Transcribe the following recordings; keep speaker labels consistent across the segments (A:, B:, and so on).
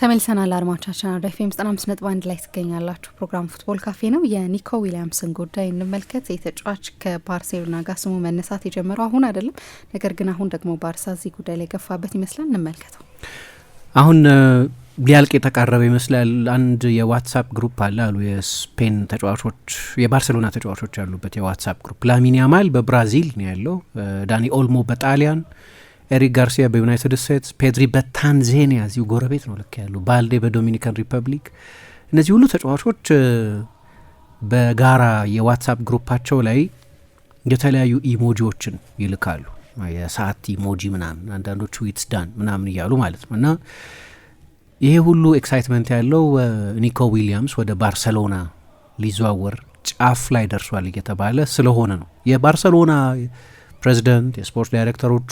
A: ተመልሰናል አድማጮቻችን፣ አራዳ ኤፍ ኤም ዘጠና አምስት ነጥብ አንድ ላይ ትገኛላችሁ። ፕሮግራም ፉትቦል ካፌ ነው። የኒኮ ዊሊያምስን ጉዳይ እንመልከት። የተጫዋች ከባርሴሎና ጋር ስሙ መነሳት የጀመረው አሁን አይደለም፣ ነገር ግን አሁን ደግሞ ባርሳ እዚህ ጉዳይ ላይ ገፋበት ይመስላል። እንመልከተው።
B: አሁን ሊያልቅ የተቃረበ ይመስላል። አንድ የዋትሳፕ ግሩፕ አለ አሉ የስፔን ተጫዋቾች፣ የባርሴሎና ተጫዋቾች ያሉበት የዋትሳፕ ግሩፕ። ላሚን ያማል በብራዚል ነው ያለው፣ ዳኒ ኦልሞ በጣሊያን ኤሪክ ጋርሲያ በዩናይትድ ስቴትስ፣ ፔድሪ በታንዛኒያ እዚሁ ጎረቤት ነው ልክ ያሉ፣ ባልዴ በዶሚኒካን ሪፐብሊክ። እነዚህ ሁሉ ተጫዋቾች በጋራ የዋትሳፕ ግሩፓቸው ላይ የተለያዩ ኢሞጂዎችን ይልካሉ። የሰዓት ኢሞጂ ምናምን፣ አንዳንዶቹ ኢትስ ዳን ምናምን እያሉ ማለት ነው። እና ይሄ ሁሉ ኤክሳይትመንት ያለው ኒኮ ዊሊያምስ ወደ ባርሰሎና ሊዘዋወር ጫፍ ላይ ደርሷል እየተባለ ስለሆነ ነው። የባርሰሎና ፕሬዚደንት፣ የስፖርት ዳይሬክተሮቹ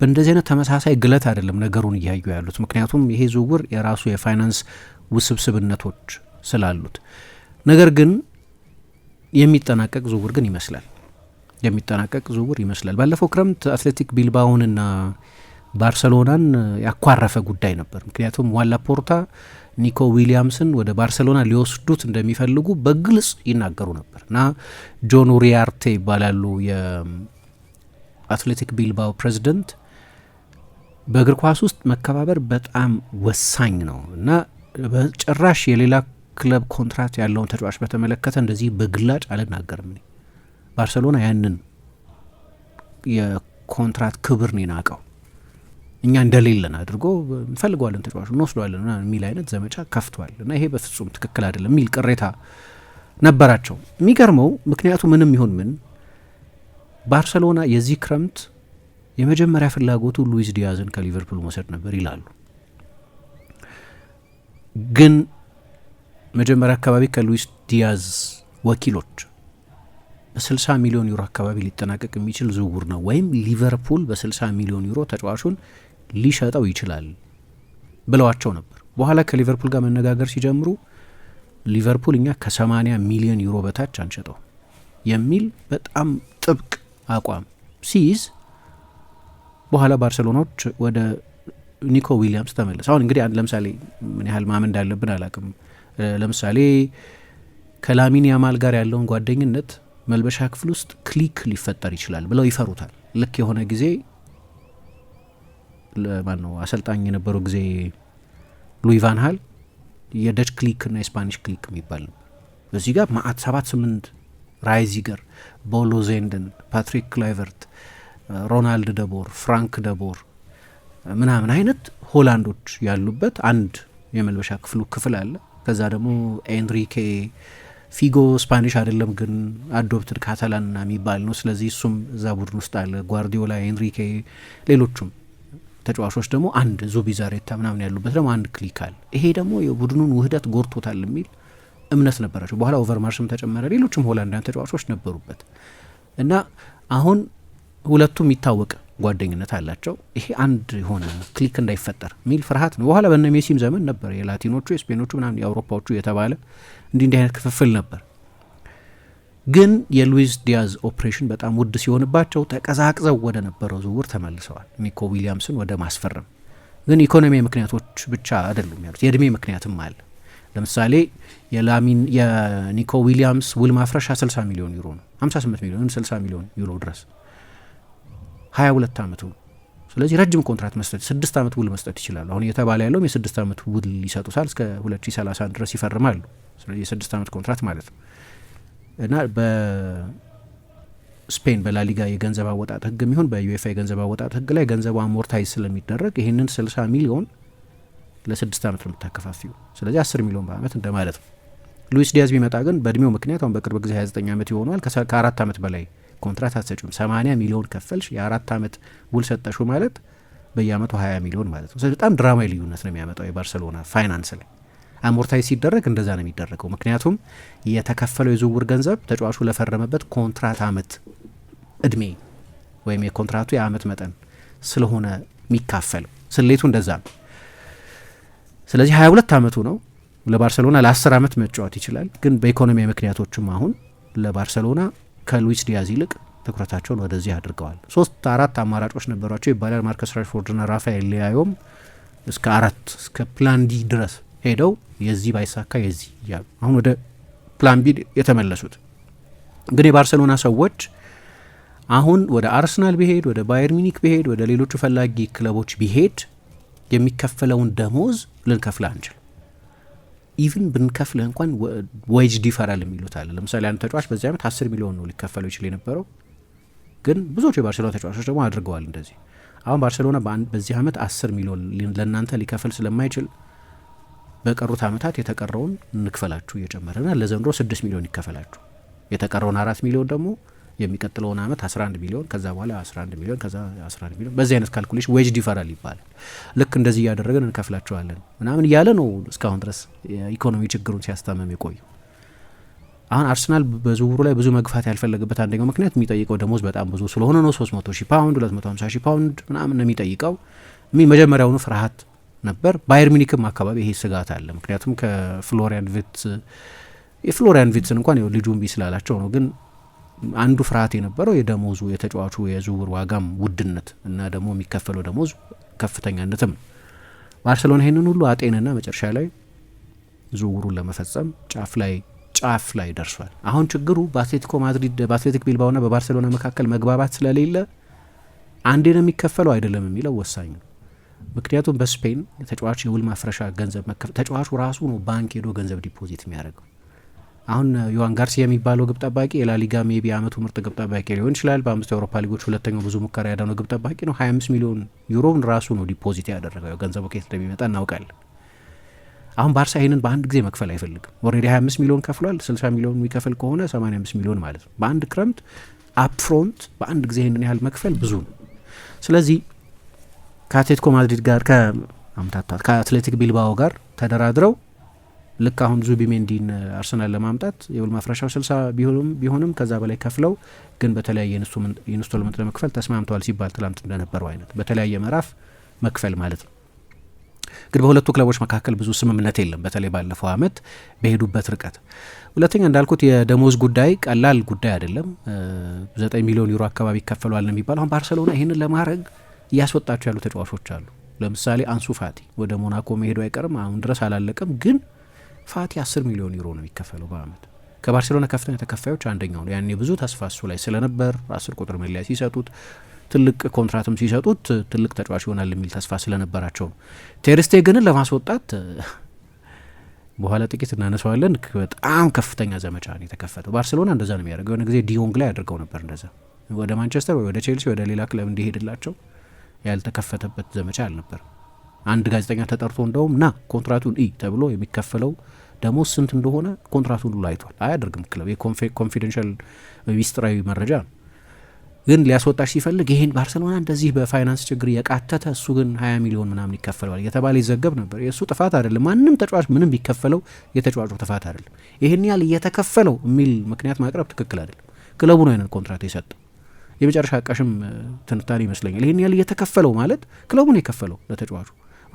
B: በእንደዚህ አይነት ተመሳሳይ ግለት አይደለም ነገሩን እያዩ ያሉት። ምክንያቱም ይሄ ዝውውር የራሱ የፋይናንስ ውስብስብነቶች ስላሉት፣ ነገር ግን የሚጠናቀቅ ዝውውር ግን ይመስላል የሚጠናቀቅ ዝውውር ይመስላል። ባለፈው ክረምት አትሌቲክ ቢልባውንና ባርሰሎናን ያኳረፈ ጉዳይ ነበር። ምክንያቱም ዋላ ፖርታ ኒኮ ዊሊያምስን ወደ ባርሰሎና ሊወስዱት እንደሚፈልጉ በግልጽ ይናገሩ ነበር እና ጆን ሪያርቴ ይባላሉ የአትሌቲክ ቢልባው ፕሬዚደንት በእግር ኳስ ውስጥ መከባበር በጣም ወሳኝ ነው እና በጭራሽ የሌላ ክለብ ኮንትራት ያለውን ተጫዋች በተመለከተ እንደዚህ በግላጭ አልናገርም። እኔ ባርሰሎና ያንን የኮንትራት ክብር ነው የናቀው። እኛ እንደሌለን አድርጎ እንፈልገዋለን፣ ተጫዋቹ እንወስደዋለን የሚል አይነት ዘመቻ ከፍቷል እና ይሄ በፍጹም ትክክል አይደለም የሚል ቅሬታ ነበራቸው። የሚገርመው ምክንያቱ ምንም ይሁን ምን ባርሰሎና የዚህ ክረምት የመጀመሪያ ፍላጎቱ ሉዊስ ዲያዝን ከሊቨርፑል መውሰድ ነበር ይላሉ። ግን መጀመሪያ አካባቢ ከሉዊስ ዲያዝ ወኪሎች በ60 ሚሊዮን ዩሮ አካባቢ ሊጠናቀቅ የሚችል ዝውውር ነው ወይም ሊቨርፑል በ60 ሚሊዮን ዩሮ ተጫዋቹን ሊሸጠው ይችላል ብለዋቸው ነበር። በኋላ ከሊቨርፑል ጋር መነጋገር ሲጀምሩ ሊቨርፑል እኛ ከ80 ሚሊዮን ዩሮ በታች አንሸጠው የሚል በጣም ጥብቅ አቋም ሲይዝ በኋላ ባርሴሎናዎች ወደ ኒኮ ዊሊያምስ ተመለሰ። አሁን እንግዲህ ለምሳሌ ምን ያህል ማመን እንዳለብን አላቅም። ለምሳሌ ከላሚን ያማል ጋር ያለውን ጓደኝነት መልበሻ ክፍል ውስጥ ክሊክ ሊፈጠር ይችላል ብለው ይፈሩታል። ልክ የሆነ ጊዜ ማን ነው አሰልጣኝ የነበረው ጊዜ ሉይ ቫን ሃል የደች ክሊክ እና የስፓኒሽ ክሊክ የሚባል ነው። በዚህ ጋር ማአት ሰባት ስምንት ራይዚገር ቦሎ ዜንደን፣ ፓትሪክ ክላይቨርት ሮናልድ ደቦር፣ ፍራንክ ደቦር ምናምን አይነት ሆላንዶች ያሉበት አንድ የመልበሻ ክፍሉ ክፍል አለ። ከዛ ደግሞ ኤንሪኬ ፊጎ ስፓኒሽ አይደለም ግን አዶፕትድ ና የሚባል ነው። ስለዚህ እሱም እዛ ቡድን ውስጥ አለ። ጓርዲዮላ፣ ኤንሪኬ፣ ሌሎቹም ተጫዋቾች ደግሞ አንድ ዙቢዛሬታ ምናምን ያሉበት ደግሞ አንድ ክሊክ አለ። ይሄ ደግሞ የቡድኑን ውህደት ጎርቶታል የሚል እምነት ነበራቸው። በኋላ ኦቨርማርሽም ተጨመረ፣ ሌሎችም ሆላንዳን ተጫዋቾች ነበሩበት እና አሁን ሁለቱም የሚታወቅ ጓደኝነት አላቸው። ይሄ አንድ የሆነ ክሊክ እንዳይፈጠር ሚል ፍርሃት ነው። በኋላ በነ ሜሲም ዘመን ነበር የላቲኖቹ የስፔኖቹ ምናምን የአውሮፓዎቹ የተባለ እንዲህ እንዲህ አይነት ክፍፍል ነበር። ግን የሉዊስ ዲያዝ ኦፕሬሽን በጣም ውድ ሲሆንባቸው ተቀዛቅዘው ወደ ነበረው ዝውውር ተመልሰዋል። ኒኮ ዊሊያምስን ወደ ማስፈረም ግን ኢኮኖሚ ምክንያቶች ብቻ አይደሉም ያሉት የእድሜ ምክንያትም አለ። ለምሳሌ የላሚን የኒኮ ዊሊያምስ ውል ማፍረሻ 60 ሚሊዮን ዩሮ ነው። 58 ሚሊዮን 60 ሚሊዮን ዩሮ ድረስ ሀያ ሁለት አመቱ ነው። ስለዚህ ረጅም ኮንትራት መስጠት ስድስት አመት ውል መስጠት ይችላሉ። አሁን እየተባለ ያለውም የስድስት አመት ውል ይሰጡታል እስከ ሁለት ሺ ሰላሳ አንድ ድረስ ይፈርማሉ። ስለዚህ የስድስት አመት ኮንትራት ማለት ነው እና በስፔን በላሊጋ የገንዘብ አወጣጥ ህግ የሚሆን በዩኤፋ የገንዘብ አወጣጥ ህግ ላይ ገንዘቡ አሞርታይዝ ስለሚደረግ ይህንን ስልሳ ሚሊዮን ለስድስት አመት ነው የምታከፋፊው። ስለዚህ አስር ሚሊዮን በአመት እንደማለት ነው። ሉዊስ ዲያዝ ቢመጣ ግን በእድሜው ምክንያት አሁን በቅርብ ጊዜ ዘጠኝ ዓመት ይሆኗል ከአራት ዓመት በላይ ኮንትራት አትሰጩም። 80 ሚሊዮን ከፈልሽ የአራት ዓመት ውል ሰጠሹ ማለት በየአመቱ 20 ሚሊዮን ማለት ነው። በጣም ድራማዊ ልዩነት ነው የሚያመጣው የባርሰሎና ፋይናንስ ላይ አሞርታይዝ ሲደረግ እንደዛ ነው የሚደረገው። ምክንያቱም የተከፈለው የዝውውር ገንዘብ ተጫዋቹ ለፈረመበት ኮንትራት አመት እድሜ ወይም የኮንትራቱ የአመት መጠን ስለሆነ የሚካፈል ስሌቱ እንደዛ ነው። ስለዚህ ሁለት ዓመቱ ነው። ለባርሰሎና ለ10 ዓመት መጫወት ይችላል። ግን በኢኮኖሚ ምክንያቶችም አሁን ለባርሰሎና ከሉዊስ ዲያዝ ይልቅ ትኩረታቸውን ወደዚህ አድርገዋል። ሶስት አራት አማራጮች ነበሯቸው ይባላል። ማርከስ ራሽፎርድና ራፋኤል ሊያዮም እስከ አራት እስከ ፕላን ዲ ድረስ ሄደው የዚህ ባይሳካ የዚህ እያሉ አሁን ወደ ፕላን ቢ የተመለሱት እንግዲህ የባርሰሎና ሰዎች አሁን ወደ አርሰናል ቢሄድ ወደ ባየር ሚኒክ ቢሄድ ወደ ሌሎቹ ፈላጊ ክለቦች ቢሄድ የሚከፈለውን ደሞዝ ልንከፍል አንችል ኢቭን ብንከፍልህ እንኳን ወጅ ዲፈራል የሚሉት አለ። ለምሳሌ አንድ ተጫዋች በዚህ ዓመት አስር ሚሊዮን ነው ሊከፈለው ይችል የነበረው፣ ግን ብዙዎቹ የባርሴሎና ተጫዋቾች ደግሞ አድርገዋል እንደዚህ። አሁን ባርሴሎና በዚህ ዓመት አስር ሚሊዮን ለእናንተ ሊከፍል ስለማይችል በቀሩት ዓመታት የተቀረውን እንክፈላችሁ እየጨመረና ለዘንድሮ ስድስት ሚሊዮን ይከፈላችሁ የተቀረውን አራት ሚሊዮን ደግሞ የሚቀጥለውን አመት 11 ሚሊዮን ከዛ በኋላ 11 ሚሊዮን ከዛ 11 ሚሊዮን በዚህ አይነት ካልኩሌሽን ዌጅ ዲፈራል ይባላል። ልክ እንደዚህ እያደረገን እንከፍላቸዋለን ምናምን እያለ ነው እስካሁን ድረስ የኢኮኖሚ ችግሩን ሲያስታመም የቆዩ። አሁን አርሰናል በዝውውሩ ላይ ብዙ መግፋት ያልፈለገበት አንደኛው ምክንያት የሚጠይቀው ደሞዝ በጣም ብዙ ስለሆነ ነው። 300 ሺ ፓውንድ፣ 250 ሺ ፓውንድ ምናምን ነው የሚጠይቀው። መጀመሪያውኑ ፍርሃት ነበር። ባየር ሚኒክም አካባቢ ይሄ ስጋት አለ። ምክንያቱም ከፍሎሪያን ቪት የፍሎሪያን ቪትስን እንኳን ልጁ እምቢ ስላላቸው ነው ግን አንዱ ፍርሃት የነበረው የደሞዙ የተጫዋቹ የዝውውር ዋጋም ውድነት እና ደግሞ የሚከፈለው ደሞዝ ከፍተኛነትም ነው። ባርሰሎና ይህንን ሁሉ አጤንና መጨረሻ ላይ ዝውውሩን ለመፈጸም ጫፍ ላይ ጫፍ ላይ ደርሷል። አሁን ችግሩ በአትሌቲኮ ማድሪድ በአትሌቲክ ቢልባውና በባርሴሎና መካከል መግባባት ስለሌለ አንዴ ነው የሚከፈለው አይደለም የሚለው ወሳኝ ነው። ምክንያቱም በስፔን ተጫዋች የውል ማፍረሻ ገንዘብ ተጫዋቹ ራሱ ነው ባንክ ሄዶ ገንዘብ ዲፖዚት የሚያደርገው አሁን ዮዋን ጋርሲያ የሚባለው ግብ ጠባቂ የላሊጋ ሜቢ አመቱ ምርጥ ግብ ጠባቂ ሊሆን ይችላል። በአምስት የአውሮፓ ሊጎች ሁለተኛው ብዙ ሙከራ ያዳነው ግብ ጠባቂ ነው። 25 ሚሊዮን ዩሮን ራሱ ነው ዲፖዚት ያደረገው። ገንዘቡ ከየት እንደሚመጣ እናውቃለን። አሁን ባርሳ ይህንን በአንድ ጊዜ መክፈል አይፈልግም። ኦልሬዲ 25 ሚሊዮን ከፍሏል። 60 ሚሊዮን የሚከፍል ከሆነ 85 ሚሊዮን ማለት ነው። በአንድ ክረምት አፕፍሮንት በአንድ ጊዜ ይህንን ያህል መክፈል ብዙ ነው። ስለዚህ ከአትሌቲኮ ማድሪድ ጋር ከአምታቷል ከአትሌቲክ ቢልባኦ ጋር ተደራድረው ልክ አሁን ዙቢሜንዲን አርሰናል ለማምጣት የውል ማፍረሻው ስልሳ ቢሆንም ቢሆንም ከዛ በላይ ከፍለው ግን በተለያየ ኢንስቶልመንት ለመክፈል ተስማምተዋል ሲባል ትላንት እንደነበረው አይነት በተለያየ ምዕራፍ መክፈል ማለት ነው። ግን በሁለቱ ክለቦች መካከል ብዙ ስምምነት የለም፣ በተለይ ባለፈው አመት በሄዱበት ርቀት። ሁለተኛ እንዳልኩት የደሞዝ ጉዳይ ቀላል ጉዳይ አይደለም። ዘጠኝ ሚሊዮን ዩሮ አካባቢ ይከፈሏል ነው የሚባለው። አሁን ባርሰሎና ይህንን ለማድረግ እያስወጣቸው ያሉ ተጫዋቾች አሉ። ለምሳሌ አንሱ ፋቲ ወደ ሞናኮ መሄዱ አይቀርም፣ አሁን ድረስ አላለቀም ግን ፋቲ 10 ሚሊዮን ዩሮ ነው የሚከፈለው በአመት። ከባርሴሎና ከፍተኛ ተከፋዮች አንደኛው ነው። ያኔ ብዙ ተስፋ እሱ ላይ ስለነበር አስር ቁጥር መለያ ሲሰጡት ትልቅ ኮንትራትም ሲሰጡት ትልቅ ተጫዋች ይሆናል የሚል ተስፋ ስለነበራቸው ነው። ግን ለማስወጣት በኋላ ጥቂት እናነሳዋለን። በጣም ከፍተኛ ዘመቻ ነው የተከፈተው። ባርሴሎና እንደዛ ነው የሚያደርገው። የሆነ ጊዜ ዲዮንግ ላይ አድርገው ነበር እንደዛ። ወደ ማንቸስተር ወይ ወደ ቼልሲ ወደ ሌላ ክለብ እንዲሄድላቸው ያልተከፈተበት ዘመቻ አልነበርም። አንድ ጋዜጠኛ ተጠርቶ እንደውም ና ኮንትራቱን ኢ ተብሎ የሚከፈለው ደግሞ ስንት እንደሆነ ኮንትራቱን ሁሉ አይቷል። አያደርግም ክለብ የኮንፊደንሻል ሚስጥራዊ መረጃ ነው። ግን ሊያስወጣሽ ሲፈልግ ይህን ባርሰሎና እንደዚህ በፋይናንስ ችግር የቃተተ እሱ ግን ሀያ ሚሊዮን ምናምን ይከፈለዋል የተባለ ይዘገብ ነበር። የእሱ ጥፋት አይደለም። ማንም ተጫዋች ምንም ቢከፈለው የተጫዋቹ ጥፋት አይደለም። ይህን ያህል እየተከፈለው የሚል ምክንያት ማቅረብ ትክክል አይደለም። ክለቡ ነው ያንን ኮንትራት የሰጠው። የመጨረሻ አቃሽም ትንታኔ ይመስለኛል። ይህን ያህል እየተከፈለው ማለት ክለቡ ነው የከፈለው ለተጫዋቹ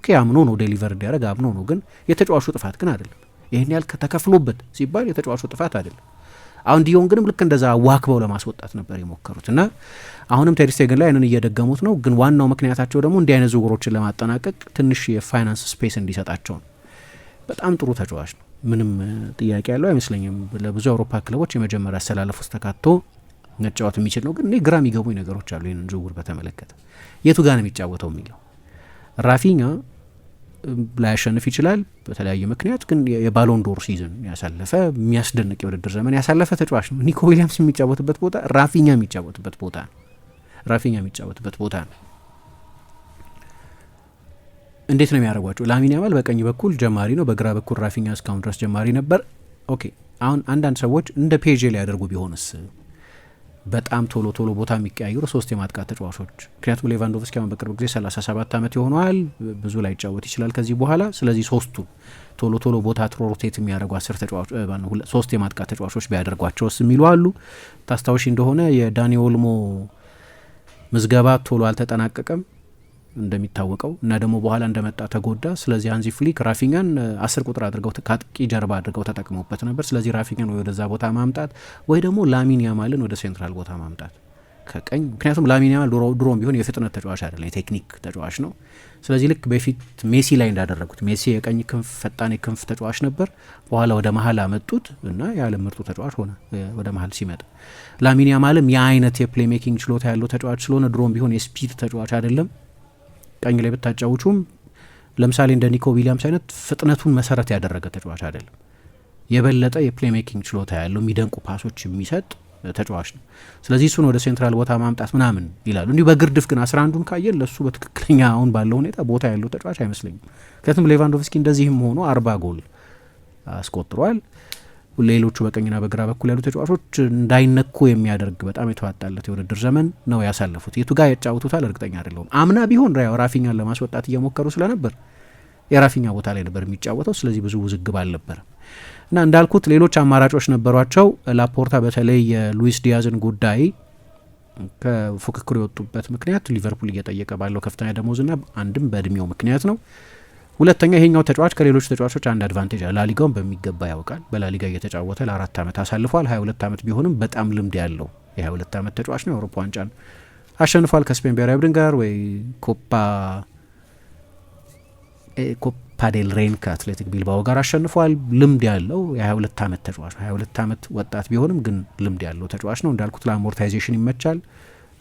B: ኦኬ አምኖ ነው ዴሊቨር እንዲያደርግ አምኖ ነው፣ ግን የተጫዋቹ ጥፋት ግን አይደለም። ይህን ያህል ተከፍሎበት ሲባል የተጫዋቹ ጥፋት አይደለም። አሁን ግንም ልክ እንደዛ ዋክበው ለማስወጣት ነበር የሞከሩት እና አሁንም ቴሪስቴግን ላይ ንን እየደገሙት ነው። ግን ዋናው ምክንያታቸው ደግሞ እንዲህ አይነት ዝውውሮችን ለማጠናቀቅ ትንሽ የፋይናንስ ስፔስ እንዲሰጣቸው ነው። በጣም ጥሩ ተጫዋች ነው፣ ምንም ጥያቄ ያለው አይመስለኝም። ለብዙ የአውሮፓ ክለቦች የመጀመሪያ አሰላለፍ ውስጥ ተካቶ መጫወት የሚችል ነው። ግን እኔ ግራ የሚገቡኝ ነገሮች አሉ ይህንን ዝውውር በተመለከተ የቱ ጋር ነው የሚጫወተው የሚለው ራፊኛ ላያሸንፍ ይችላል በተለያየ ምክንያት። ግን የባሎንዶር ሲዝን ያሳለፈ የሚያስደንቅ የውድድር ዘመን ያሳለፈ ተጫዋች ነው። ኒኮ ዊሊያምስ የሚጫወትበት ቦታ ራፊኛ የሚጫወትበት ቦታ ነው። ራፊኛ የሚጫወትበት ቦታ ነው። እንዴት ነው የሚያደርጓቸው? ላሚን ያማል በቀኝ በኩል ጀማሪ ነው፣ በግራ በኩል ራፊኛ እስካሁን ድረስ ጀማሪ ነበር። ኦኬ አሁን አንዳንድ ሰዎች እንደ ፔጄ ሊያደርጉ ቢሆንስ በጣም ቶሎ ቶሎ ቦታ የሚቀያየሩ ሶስት የማጥቃት ተጫዋቾች ምክንያቱም ሌቫንዶቭስኪ አሁን በቅርብ ጊዜ 37 ዓመት ይሆነዋል። ብዙ ላይ ይጫወት ይችላል ከዚህ በኋላ። ስለዚህ ሶስቱ ቶሎ ቶሎ ቦታ ሮቴት የሚያደርጉ አስር ሶስት የማጥቃት ተጫዋቾች ቢያደርጓቸውስ የሚሉ አሉ። ታስታውሺ እንደሆነ የዳኒ ኦልሞ ምዝገባ ቶሎ አልተጠናቀቀም። እንደሚታወቀው እና ደግሞ በኋላ እንደመጣ ተጎዳ። ስለዚህ አንዚ ፍሊክ ራፊኛን አስር ቁጥር አድርገው ከአጥቂ ጀርባ አድርገው ተጠቅመውበት ነበር። ስለዚህ ራፊኛን ወይ ወደዛ ቦታ ማምጣት ወይ ደግሞ ላሚን ያማልን ወደ ሴንትራል ቦታ ማምጣት ከቀኝ ምክንያቱም ላሚን ያማል ድሮም ቢሆን የፍጥነት ተጫዋች አይደለም፣ የቴክኒክ ተጫዋች ነው። ስለዚህ ልክ በፊት ሜሲ ላይ እንዳደረጉት ሜሲ የቀኝ ክንፍ ፈጣን የክንፍ ተጫዋች ነበር። በኋላ ወደ መሀል አመጡት እና የዓለም ምርጡ ተጫዋች ሆነ። ወደ መሀል ሲመጣ ላሚን ያማልም የአይነት ሜኪንግ ችሎታ ያለው ተጫዋች ስለሆነ ድሮም ቢሆን የስፒድ ተጫዋች አይደለም። ቀኝ ላይ ብታጫውቹም ለምሳሌ እንደ ኒኮ ዊሊያምስ አይነት ፍጥነቱን መሰረት ያደረገ ተጫዋች አይደለም። የበለጠ የፕሌሜኪንግ ችሎታ ያለው የሚደንቁ ፓሶች የሚሰጥ ተጫዋች ነው። ስለዚህ እሱን ወደ ሴንትራል ቦታ ማምጣት ምናምን ይላሉ። እንዲሁ በግርድፍ ግን አስራ አንዱን ካየን ለእሱ በትክክለኛ አሁን ባለው ሁኔታ ቦታ ያለው ተጫዋች አይመስለኝም። ምክንያቱም ሌቫንዶቭስኪ እንደዚህም ሆኖ አርባ ጎል አስቆጥሯል። ሌሎቹ በቀኝና በግራ በኩል ያሉ ተጫዋቾች እንዳይነኩ የሚያደርግ በጣም የተዋጣለት የውድድር ዘመን ነው ያሳለፉት። የቱ ጋር ያጫውቱታል እርግጠኛ አይደለሁም። አምና ቢሆን ራፊኛን ለማስወጣት እየሞከሩ ስለነበር የራፊኛ ቦታ ላይ ነበር የሚጫወተው። ስለዚህ ብዙ ውዝግብ አልነበረም እና እንዳልኩት ሌሎች አማራጮች ነበሯቸው። ላፖርታ በተለይ የሉዊስ ዲያዝን ጉዳይ ከፉክክሩ የወጡበት ምክንያት ሊቨርፑል እየጠየቀ ባለው ከፍተኛ ደሞዝና አንድም በእድሜው ምክንያት ነው ሁለተኛ ይሄኛው ተጫዋች ከሌሎች ተጫዋቾች አንድ አድቫንቴጅ አለ። ላሊጋውን በሚገባ ያውቃል። በላሊጋ እየተጫወተ ለአራት ዓመት አሳልፏል። ሀያ ሁለት ዓመት ቢሆንም በጣም ልምድ ያለው የሀያ ሁለት ዓመት ተጫዋች ነው። የአውሮፓ ዋንጫን አሸንፏል ከስፔን ብሔራዊ ቡድን ጋር ወይ ኮፓ ኮፓ ዴል ሬን ከአትሌቲክ ቢልባኦ ጋር አሸንፏል። ልምድ ያለው የሀያ ሁለት ዓመት ተጫዋች ነው። ሁለት ዓመት ወጣት ቢሆንም ግን ልምድ ያለው ተጫዋች ነው። እንዳልኩት ለአሞርታይዜሽን ይመቻል።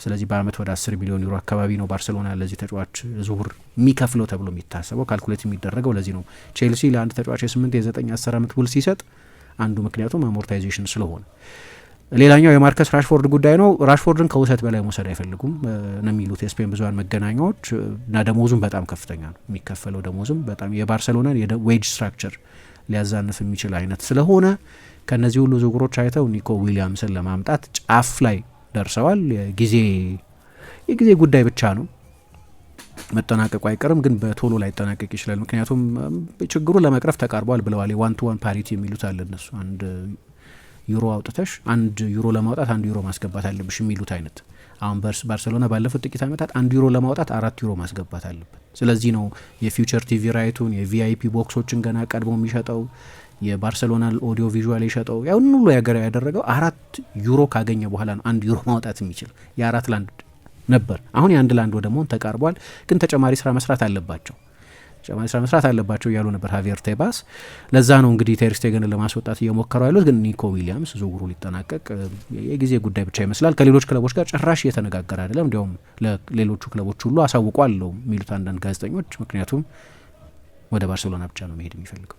B: ስለዚህ በአመት ወደ አስር ሚሊዮን ዩሮ አካባቢ ነው ባርሴሎና ለዚህ ተጫዋች ዝውውር የሚከፍለው ተብሎ የሚታሰበው ካልኩሌት የሚደረገው ለዚህ ነው። ቼልሲ ለአንድ ተጫዋች የስምንት የዘጠኝ አስር አመት ውል ሲሰጥ አንዱ ምክንያቱም አሞርታይዜሽን ስለሆነ ሌላኛው የማርከስ ራሽፎርድ ጉዳይ ነው። ራሽፎርድን ከውሰት በላይ መውሰድ አይፈልጉም ነው የሚሉት የስፔን ብዙሀን መገናኛዎች እና ደሞዙም በጣም ከፍተኛ ነው የሚከፈለው ደሞዙም በጣም የባርሰሎናን የዌጅ ስትራክቸር ሊያዛንፍ የሚችል አይነት ስለሆነ ከእነዚህ ሁሉ ዝውውሮች አይተው ኒኮ ዊሊያምስን ለማምጣት ጫፍ ላይ ደርሰዋል። የጊዜ የጊዜ ጉዳይ ብቻ ነው። መጠናቀቁ አይቀርም፣ ግን በቶሎ ላይጠናቀቅ ይችላል። ምክንያቱም ችግሩ ለመቅረፍ ተቃርቧል ብለዋል። የዋን ቱ ዋን ፓሪቲ የሚሉት አለ እነሱ አንድ ዩሮ አውጥተሽ አንድ ዩሮ ለማውጣት አንድ ዩሮ ማስገባት አለብሽ የሚሉት አይነት። አሁን ባርሴሎና ባለፉት ጥቂት ዓመታት አንድ ዩሮ ለማውጣት አራት ዩሮ ማስገባት አለብን። ስለዚህ ነው የፊውቸር ቲቪ ራይቱን የቪአይፒ ቦክሶችን ገና ቀድሞ የሚሸጠው የባርሴሎናን ኦዲዮ ቪዥዋል የሸጠው ያሁን ሁሉ ያገር ያደረገው አራት ዩሮ ካገኘ በኋላ ነው። አንድ ዩሮ ማውጣት የሚችል የአራት ላንድ ነበር። አሁን የአንድ ላንድ ወደ መሆን ተቃርቧል። ግን ተጨማሪ ስራ መስራት አለባቸው ተጨማሪ ስራ መስራት አለባቸው እያሉ ነበር ሀቪየር ቴባስ። ለዛ ነው እንግዲህ ቴርስቴገንን ለማስወጣት እየሞከሩ ያሉት። ግን ኒኮ ዊሊያምስ ዝውውሩ ሊጠናቀቅ የጊዜ ጉዳይ ብቻ ይመስላል። ከሌሎች ክለቦች ጋር ጭራሽ እየተነጋገረ አይደለም። እንዲያውም ለሌሎቹ ክለቦች ሁሉ አሳውቋለሁ የሚሉት አንዳንድ ጋዜጠኞች፣ ምክንያቱም ወደ ባርሴሎና ብቻ ነው መሄድ የሚፈልገው።